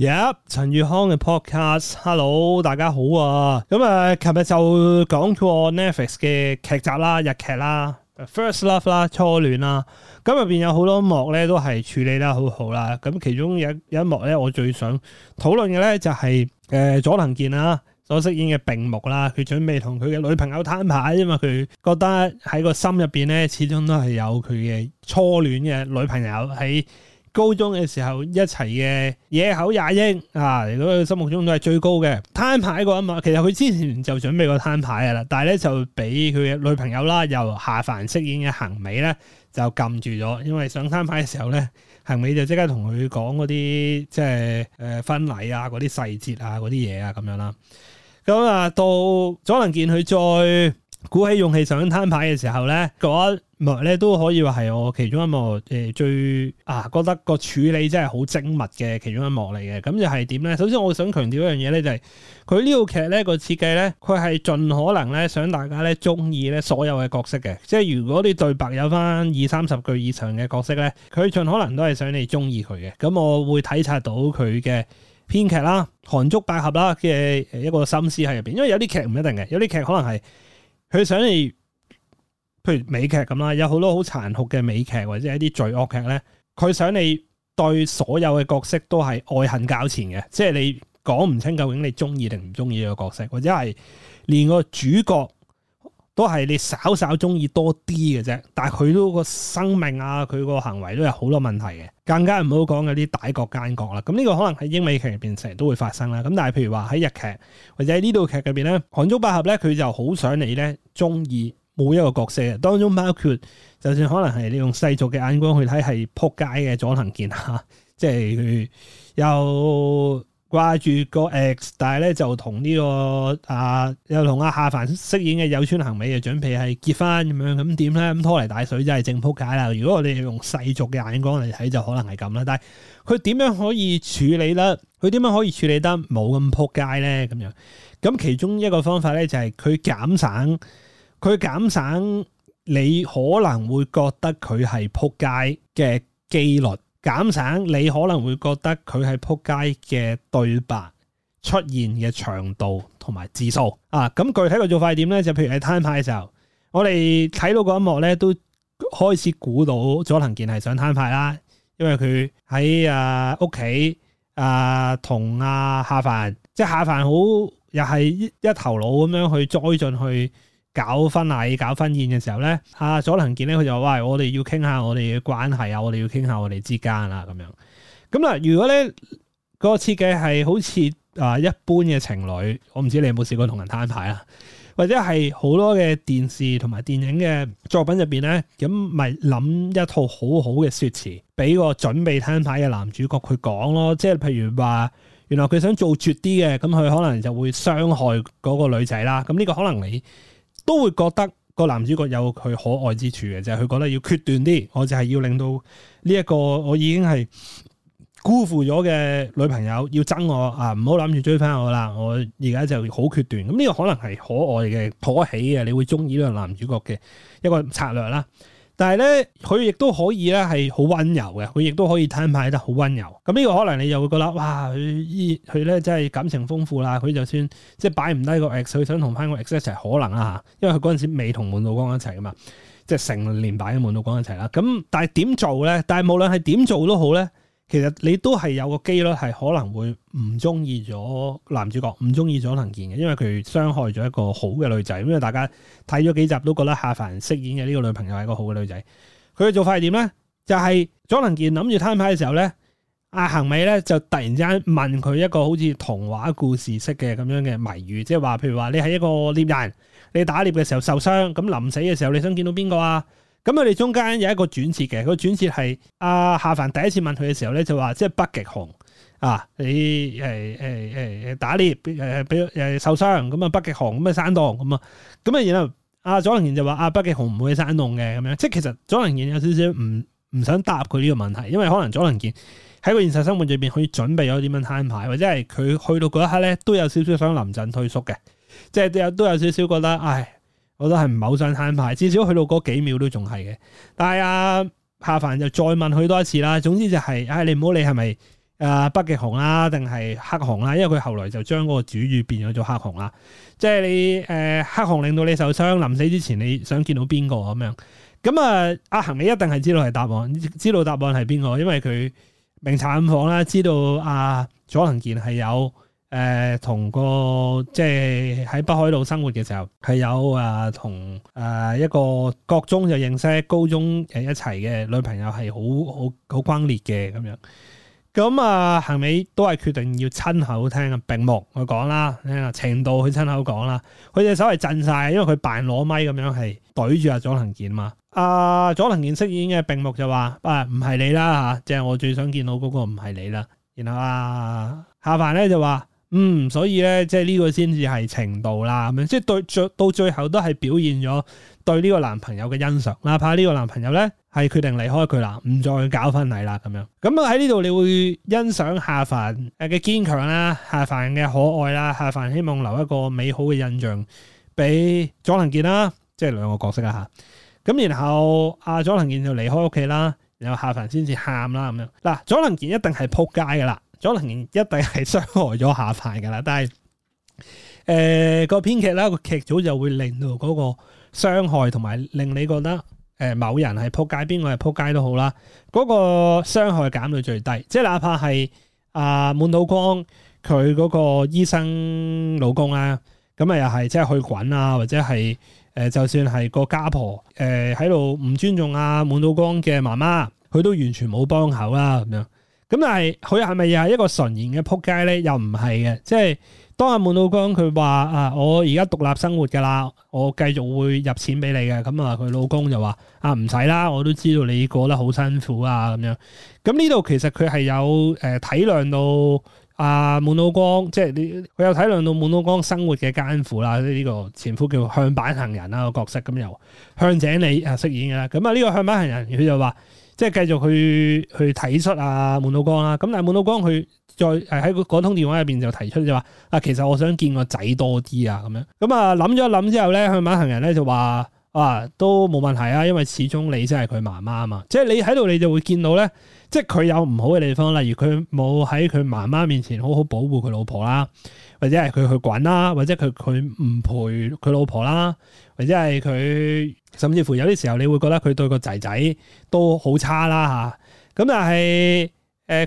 耶！陳宇康嘅 podcast，hello，大家好啊。咁誒，琴日就講咗 Netflix 嘅劇集啦，日劇啦，《First Love》啦，初戀啦。咁入邊有好多幕咧，都係處理得好好啦。咁其中有一一幕咧，我最想討論嘅咧，就係誒，佐藤健啦所飾演嘅並木啦，佢準備同佢嘅女朋友攤牌，因為佢覺得喺個心入邊咧，始終都係有佢嘅初戀嘅女朋友喺。高中嘅時候一齊嘅野口也英啊，嚟到佢心目中都係最高嘅攤牌過啊嘛。其實佢之前就準備過攤牌啊啦，但係咧就俾佢嘅女朋友啦，由夏帆飾演嘅行美咧就撳住咗。因為上攤牌嘅時候咧，行美就即刻同佢講嗰啲即係誒婚禮啊，嗰啲細節啊，嗰啲嘢啊咁樣啦。咁啊，到佐藤健佢再鼓起勇氣上攤牌嘅時候咧，講。唔咧，都可以話係我其中一幕，誒最啊覺得個處理真係好精密嘅其中一幕嚟嘅，咁就係點咧？首先我想強調一樣嘢咧，就係佢呢套劇咧，個設計咧，佢係盡可能咧想大家咧中意咧所有嘅角色嘅。即係如果你對白有翻二三十句以上嘅角色咧，佢盡可能都係想你中意佢嘅。咁我會體察到佢嘅編劇啦、寒竹百合啦嘅一個心思喺入邊，因為有啲劇唔一定嘅，有啲劇可能係佢想你。譬如美劇咁啦，有好多好殘酷嘅美劇或者一啲罪惡劇咧，佢想你對所有嘅角色都係愛恨交纏嘅，即係你講唔清究竟你中意定唔中意呢個角色，或者係連個主角都係你稍稍中意多啲嘅啫。但係佢都個生命啊，佢個行為都有好多問題嘅，更加唔好講嗰啲大國奸角啦。咁呢個可能喺英美劇入邊成日都會發生啦。咁但係譬如話喺日劇或者喺呢套劇入邊咧，《韓中百合》咧，佢就好想你咧中意。冇一個角色，當中包括就算可能係你用世俗嘅眼光去睇，係撲街嘅佐藤健吓，即係又掛住個 X，但係咧就同呢、這個啊又同阿、啊、夏凡飾演嘅有川行美嘅準備係結翻咁樣，咁點咧，咁拖泥帶水真係正撲街啦！如果我哋用世俗嘅眼光嚟睇，就可能係咁啦。但係佢點樣可以處理咧？佢點樣可以處理得冇咁撲街咧？咁樣，咁其中一個方法咧，就係佢減省。佢減省你可能會覺得佢係撲街嘅機率，減省你可能會覺得佢係撲街嘅對白出現嘅長度同埋字數啊。咁具體嘅做法係點咧？就譬如喺攤牌嘅時候，我哋睇到嗰一幕咧，都開始估到佐藤健係想攤牌啦，因為佢喺啊屋企啊同下、啊、夏帆，即係夏帆好又係一頭腦咁樣去栽進去。搞婚禮、搞婚宴嘅時候咧，啊左能健咧，佢就話，喂，我哋要傾下我哋嘅關係啊，我哋要傾下我哋之間啊，咁樣。咁啦，如果咧個設計係好似啊一般嘅情侶，我唔知你有冇試過同人攤牌啊？或者係好多嘅電視同埋電影嘅作品入邊咧，咁咪諗一套好好嘅說辭，俾個準備攤牌嘅男主角佢講咯。即係譬如話，原來佢想做絕啲嘅，咁佢可能就會傷害嗰個女仔啦。咁呢個可能你。都會覺得個男主角有佢可愛之處嘅，就係、是、佢覺得要決斷啲，我就係要令到呢一個我已經係辜負咗嘅女朋友要憎我啊，唔好諗住追翻我啦！我而家就好決斷，咁、這、呢個可能係可愛嘅、可喜嘅，你會中意呢個男主角嘅一個策略啦。但係咧，佢亦都可以咧，係好溫柔嘅。佢亦都可以攤牌得好溫柔。咁呢個可能你又會覺得，哇！佢依佢咧真係感情豐富啦。佢就算即係擺唔低個 x 佢想同翻個 x 一齊可能啊吓，因為佢嗰陣時未同滿島光一齊噶嘛，即係成年擺緊滿島光一齊啦。咁但係點做咧？但係無論係點做都好咧。其實你都係有個機率係可能會唔中意咗男主角，唔中意咗能健嘅，因為佢傷害咗一個好嘅女仔。因為大家睇咗幾集都覺得夏帆飾演嘅呢個女朋友係一個好嘅女仔。佢嘅做法係點呢？就係、是、左能健諗住攤牌嘅時候呢，阿、啊、行美呢就突然之間問佢一個好似童話故事式嘅咁樣嘅謎語，即係話譬如話你係一個獵人，你打獵嘅時候受傷，咁臨死嘅時候你想見到邊個啊？咁佢哋中間有一個轉折嘅，個轉折係阿夏凡第一次問佢嘅時候咧，就話即係北極熊啊，你誒誒誒誒打獵誒，比如誒受傷咁啊，北極熊咁啊山洞咁啊，咁啊然後阿左能賢就話阿北極熊唔會山洞嘅咁樣，即係其實左能賢有少少唔唔想答佢呢個問題，因為可能左能賢喺個現實生活裏邊可以準備咗點樣攤牌，或者係佢去到嗰一刻咧都有少少想臨陣退縮嘅，即係都有都有少少覺得唉。我都係唔係好想攤牌，至少去到嗰幾秒都仲係嘅。但係阿、啊、夏帆就再問佢多一次啦。總之就係、是，唉、哎，你唔好理係咪啊北極熊啊，定係黑熊啦、啊。因為佢後來就將嗰個主語變咗做黑熊啦。即、就、係、是、你誒、呃、黑熊令到你受傷，臨死之前你想見到邊個咁樣？咁啊，阿、啊、恒你一定係知道係答案，知道答案係邊個？因為佢明察暗訪啦，知道啊左能健係有。誒、呃、同個即係喺北海道生活嘅時候，係有啊同誒、呃、一個國中就認識，高中一齊嘅女朋友係好好好轟烈嘅咁樣。咁啊、呃，行尾都係決定要親口聽啊？屏目。我講啦，聽啊程度佢親口講啦，佢隻手係震晒，因為佢扮攞咪咁樣係對住阿佐藤健嘛。啊佐藤健飾演嘅病目就話：啊唔係你啦嚇，即、就、係、是、我最想見到嗰個唔係你啦。然後啊夏帆咧就話。嗯，所以咧，即係呢個先至係程度啦，咁樣即係對到最後都係表現咗對呢個男朋友嘅欣賞，哪怕呢個男朋友咧係決定離開佢啦，唔再搞婚禮啦，咁樣咁啊喺呢度你會欣賞夏帆誒嘅堅強啦，夏帆嘅可愛啦，夏帆希望留一個美好嘅印象俾佐藤健啦，即係兩個角色啦吓，咁然後阿佐藤健就離開屋企啦，然後夏帆先至喊啦咁樣，嗱佐藤健一定係撲街噶啦。咗，能一定係傷害咗下排噶啦。但係，誒、呃個編劇啦，個劇組就會令到嗰個傷害同埋令你覺得、呃、某人係撲街，邊個係撲街都好啦。嗰個傷害減到最低，即係哪怕係啊滿島光佢嗰個醫生老公啊咁啊又係即係去滾啊，或者係、呃、就算係個家婆喺度唔尊重啊滿島光嘅媽媽，佢都完全冇幫手啦咁樣。咁但係佢係咪又係一個純然嘅撲街咧？又唔係嘅，即係當阿滿老江，佢話啊，我而家獨立生活噶啦，我繼續會入錢俾你嘅。咁啊，佢老公就話啊，唔使啦，我都知道你過得好辛苦啊，咁樣。咁呢度其實佢係有誒體諒到阿滿、啊、老江，即係佢有體諒到滿老江生活嘅艱苦啦。呢、呢個前夫叫向板行人啦、那個角色，咁又向井理啊飾演嘅啦。咁啊呢個向板行人，佢就話。即係繼續去去睇出啊，滿島光啦、啊。咁但係滿島光佢再誒喺嗰通電話入邊就提出就話啊，其實我想見個仔多啲啊，咁樣咁啊諗咗諗之後咧，佢馬行人咧就話啊都冇問題啊，因為始終你先係佢媽媽啊嘛。即係你喺度，你就會見到咧，即係佢有唔好嘅地方，例如佢冇喺佢媽媽面前好好保護佢老婆啦。或者係佢去滾啦，或者佢佢唔陪佢老婆啦，或者係佢甚至乎有啲時候，你會覺得佢對個仔仔都好差啦嚇。咁但係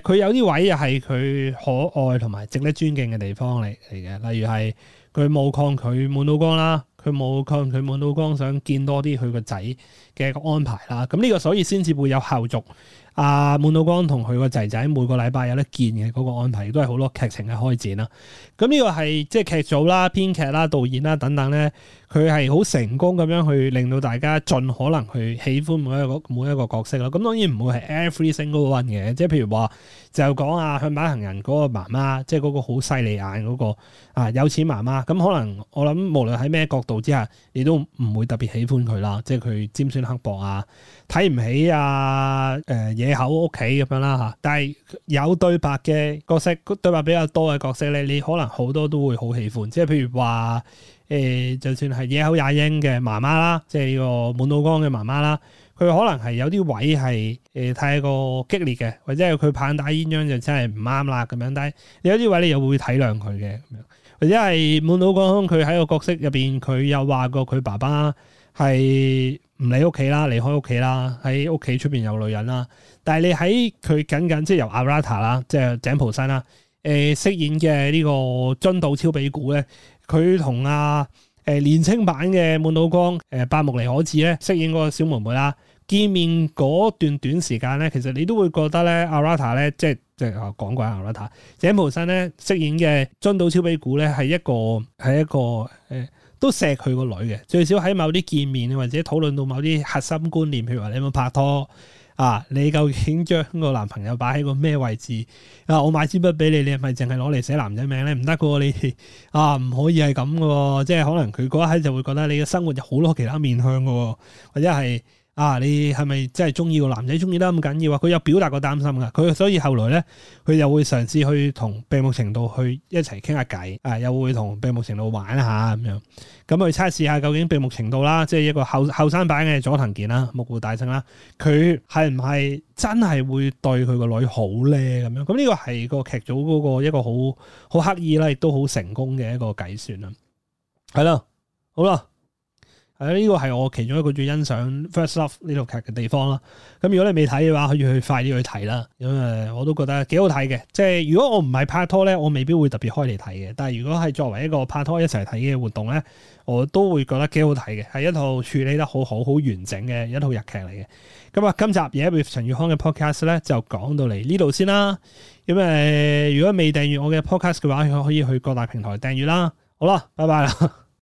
誒，佢有啲位又係佢可愛同埋值得尊敬嘅地方嚟嚟嘅，例如係佢冇抗拒滿島光啦，佢冇抗拒滿島光想多見多啲佢個仔嘅一個安排啦。咁呢個所以先至會有後續。啊！滿老光同佢個仔仔每個禮拜有得見嘅嗰個安排，亦都係好多劇情嘅開展啦。咁呢個係即係劇組啦、編劇啦、導演啦等等咧。佢係好成功咁樣去令到大家盡可能去喜歡每一個每一個角色咯。咁當然唔會係 every single one 嘅，即係譬如話就講啊向板行人嗰個媽媽，即係嗰個好犀利眼嗰個啊有錢媽媽。咁可能我諗無論喺咩角度之下，你都唔會特別喜歡佢啦。即係佢尖酸刻薄看不啊，睇唔起啊誒野口屋企咁樣啦嚇。但係有對白嘅角色，對白比較多嘅角色咧，你可能好多都會好喜歡。即係譬如話。誒、呃，就算係野口也英嘅媽媽啦，即係呢個滿島光嘅媽媽啦，佢可能係有啲位係誒、呃、太過激烈嘅，或者係佢棒打鴛鴦就真係唔啱啦咁樣。但係有啲位置你又會體諒佢嘅咁樣，或者係滿島光佢喺個角色入邊，佢有話過佢爸爸係唔理屋企啦，離開屋企啦，喺屋企出邊有女人啦。但係你喺佢僅僅即係由阿拉塔啦，即係井浦新啦。誒、呃、飾演嘅呢個樽島超比古咧，佢同阿誒年青版嘅滿島光誒八木尼可治咧飾演個小妹妹啦。見面嗰段短時間咧，其實你都會覺得咧，阿拉塔咧即係即係講、啊、過阿拉塔，井浦新咧飾演嘅樽島超比古咧係一個係一個誒、呃、都錫佢個女嘅，最少喺某啲見面或者討論到某啲核心觀念，譬如話你有冇拍拖。啊！你究竟將個男朋友擺喺個咩位置啊？我買支筆俾你，你係咪淨係攞嚟寫男仔名咧？唔得嘅喎，你，啊，唔可以係咁嘅喎。即係可能佢嗰一刻就會覺得你嘅生活有好多其他面向嘅喎，或者係。啊！你係咪真係中意個男仔中意得咁緊要啊？佢有表達過擔心噶，佢所以後來咧，佢又會嘗試去同病目程度去一齊傾下偈，啊，又會同病目程度玩一下咁樣，咁去測試下究竟病目程度啦，即係一個後後生版嘅佐藤健目啦，木戶大升啦，佢係唔係真係會對佢個女好咧？咁樣，咁呢個係個劇組嗰個一個好好刻意啦，亦都好成功嘅一個計算啦。係好啦。呢個係我其中一個最欣賞《First Love》呢套劇嘅地方啦。咁如果你未睇嘅話，可以快去快啲去睇啦。咁、嗯、誒，我都覺得幾好睇嘅。即係如果我唔係拍拖咧，我未必會特別開嚟睇嘅。但係如果係作為一個拍拖一齊睇嘅活動咧，我都會覺得幾好睇嘅。係一套處理得好、好、好完整嘅一套日劇嚟嘅。咁、嗯、啊，今集嘢 With 陳宇康嘅 Podcast 咧就講到嚟呢度先啦。咁、嗯、誒、呃，如果未訂閱我嘅 Podcast 嘅話，可以去各大平台訂閱啦。好啦，拜拜啦。